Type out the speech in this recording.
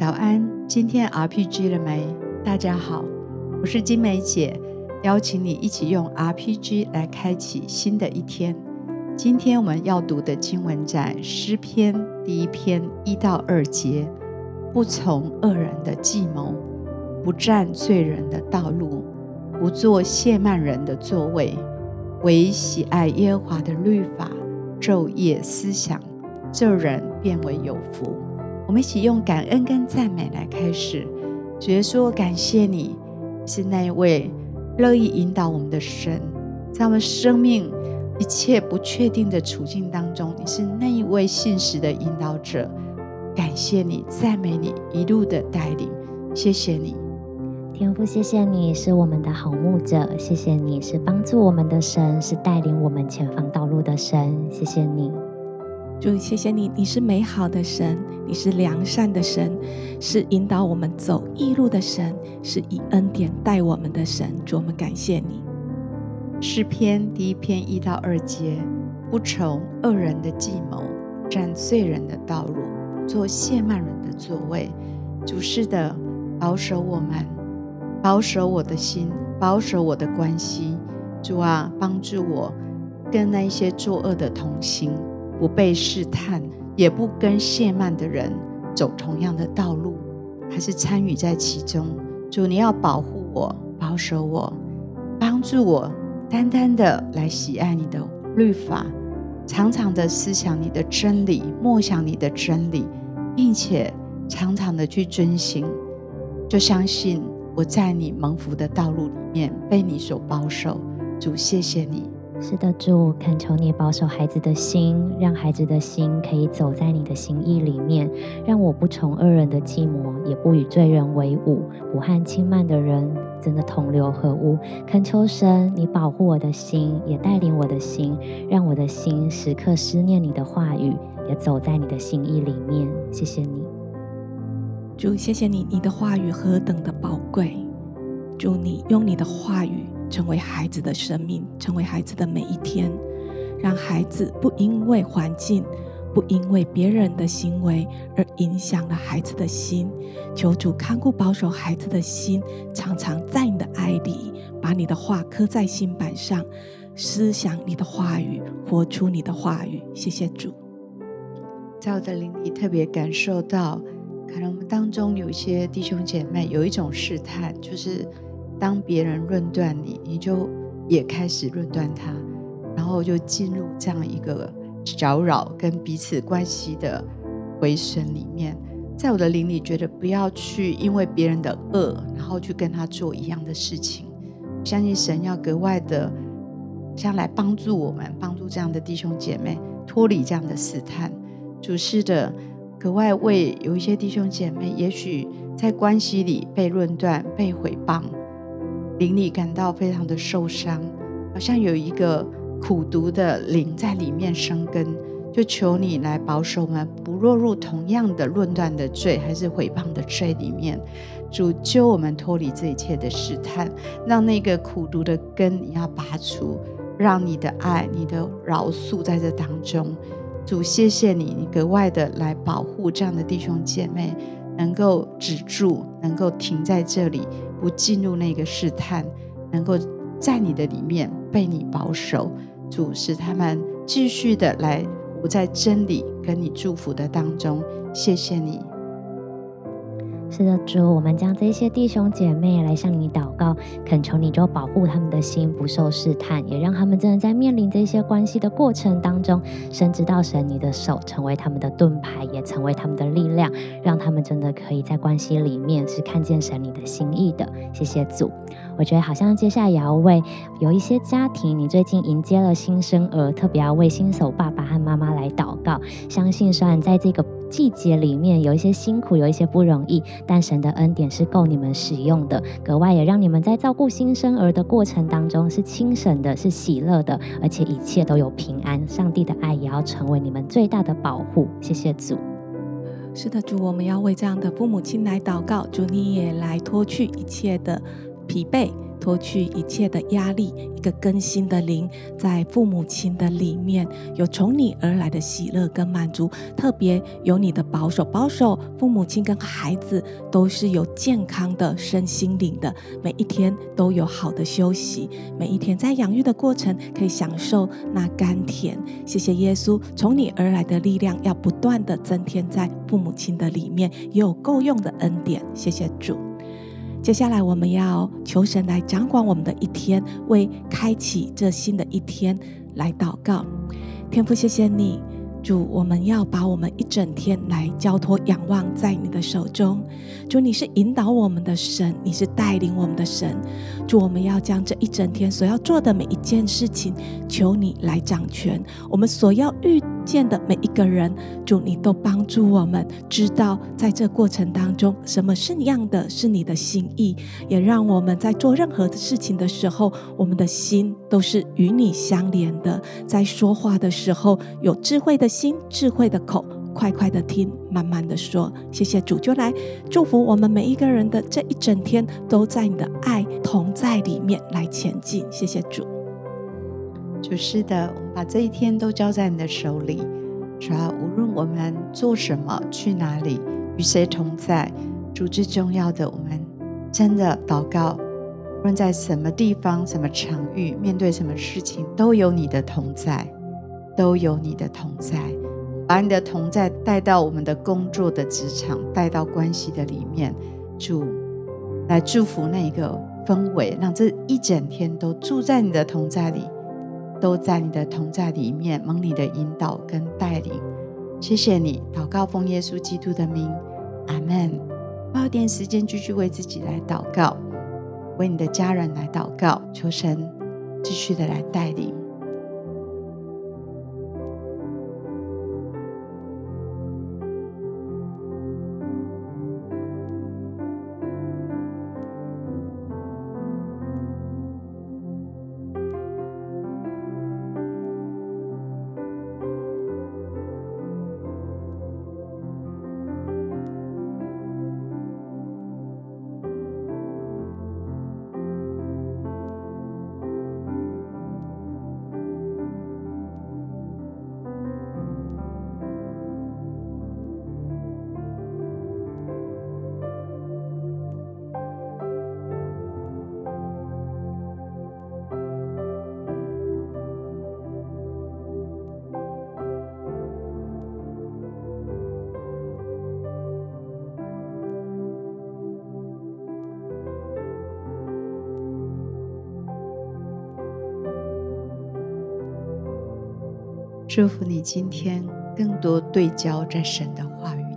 早安，今天 RPG 了沒？大家好，我是晶玫姊，邀請你一起用 RPG 來開啟新的一天。今天我們要讀的經文在詩篇第一篇一到二節：不從惡人的計謀，不站罪人的道路，不坐褻慢人的座位，唯喜愛耶和華的律法，晝夜思想，這人便為有福。我們一起用感恩跟讚美來開始，直接說，感謝你，是那一位樂意引導我們的神，在我們生命一切不確定的處境當中，你是那一位信實的引導者。感謝你，讚美你一路的帶領，謝謝你，天父，謝謝你是我們的好牧者，謝謝你是幫助我們的神，是帶領我們前方道路的神，謝謝你。主，謝謝你，你是美好的神，你是良善的神，是引導我們走義路的神，是以恩典待我們的神。主，我們感謝你。詩篇第一篇一到二節：不從惡人的計謀，站罪人的道路，坐褻慢人的座位。主是的，保守我們，保守我的心，保守我的關係。主啊，幫助我跟那一些作惡的同行。不被試探，也不跟褻慢的人走同樣的道路，還是參與在其中。主，你要保護我，保守我，幫助我，單單的來喜愛你的律法，常常的思想你的真理，默想你的真理，並且常常的去遵行。就相信我在你蒙福的道路裡面被你所保守。主，謝謝你。是的，主，懇求你保守孩子的心，讓孩子的心可以走在你的心意裡面，讓我不從惡人的計謀，也不與罪人為伍，不和輕慢的人真的同流合污。懇求神，你保護我的心，也帶領我的心，讓我的心時刻思念你的話語，也走在你的心意裡面。謝謝你，主，謝謝你，你的話語何等的寶貴。主，求你用你的話語成為孩子的生命，成為孩子的每一天，讓孩子不因為環境，不因為別人的行為而影響了孩子的心。求主看顧保守孩子的心，常常在你的愛裡，把你的話刻在心版上，思想你的話語，活出你的話語。謝謝主，在我的靈裡特別感受到，可能我們當中有一些弟兄姐妹有一種試探，就是。當別人論斷你，你就也開始論斷他，然後就進入這樣一個攪擾跟彼此關係的回聲裡面。在我的靈裡，覺得不要去因為別人的惡，然後去跟他做一樣的事情。相信神要格外的，像來幫助我們，幫助這樣的弟兄姐妹脫離這樣的試探。主是的，格外為有一些弟兄姐妹，也許在關係裡被論斷、被毀謗。令你感到非常的受傷，好像有一個苦毒的靈在裡面生根，就求你來保守我們，不落入同樣的論斷的罪，還是毀謗的罪裡面。主救我們脫離這一切的試探，讓那個苦毒的根你要拔除，讓你的愛你的饒恕在這當中。主謝謝你，你格外的來保護這樣的弟兄姐妹，能夠止住，能夠停在這裡。不進入那個試探，能夠在你的裡面被你保守，主使他們繼續的來活在真理跟你祝福的當中。謝謝你。是的，主，我們將這些弟兄姐妹來向你禱告，懇求你就保護他們的心不受試探，也讓他們真的在面臨這些關係的過程當中，深知到神你的手成為他們的盾牌，也成為他們的力量，讓他們真的可以在關係裡面是看見神你的心意的。謝謝主，我覺得好像接下來也要為有一些家庭，你最近迎接了新生兒，特別要為新手爸爸和媽媽來禱告，相信雖然在這個。季節裡面有一些辛苦，有一些不容易，但神的恩典是夠你們使用的，格外也讓你們在照顧新生兒的過程當中是輕省的，是喜樂的，而且一切都有平安。上帝的愛也要成為你們最大的保護。謝謝主。是的，主，我們要為這樣的父母親來禱告，主你也來脫去一切的。疲憊，脫去一切的壓力，一個更新的靈，在父母親的裡面有從你而來的喜樂跟滿足，特別有你的保守，保守父母親跟孩子都是有健康的身心靈的，每一天都有好的休息，每一天在養育的過程可以享受那甘甜。謝謝耶穌，從你而來的力量要不斷的增添在父母親的裡面，也有夠用的恩典。謝謝主。接下來，我們要求神來掌管我們的一天，為開啟這新的一天來禱告。天父，謝謝你，主，我們要把我們一整天來交托、仰望在你的手中。主，你是引導我們的神，你是帶領我們的神。主，我們要將這一整天所要做的每一件事情，求你來掌權。我們所要。遇見的每一個人，主，你都幫助我們，知道在這過程當中，什麼是你樣的，是你的心意，也讓我們在做任何的事情的時候，我們的心都是與你相連的。在說話的時候，有智慧的心，智慧的口，快快的聽，慢慢的說。謝謝主，就來祝福我們每一個人的這一整天，都在你的愛同在裡面來前進。謝謝主。主，是的，我們把這一天都交在你的手裡。主啊，無論我們做什麼、去哪裡、與誰同在，主最重要的，我們真的禱告。無論在什麼地方、什麼場域、面對什麼事情，都有你的同在，都有你的同在。把你的同在帶到我們的工作的職場，帶到關係的裡面，主，來祝福那一個氛圍，讓這一整天都住在你的同在裡。都在你的同在裡面，蒙你的引導跟帶領，謝謝你。禱告奉耶穌基督的名，阿門。花點時間，繼續為自己來禱告，為你的家人來禱告，求神繼續的來帶領。祝福你今天更多對焦這神的話語。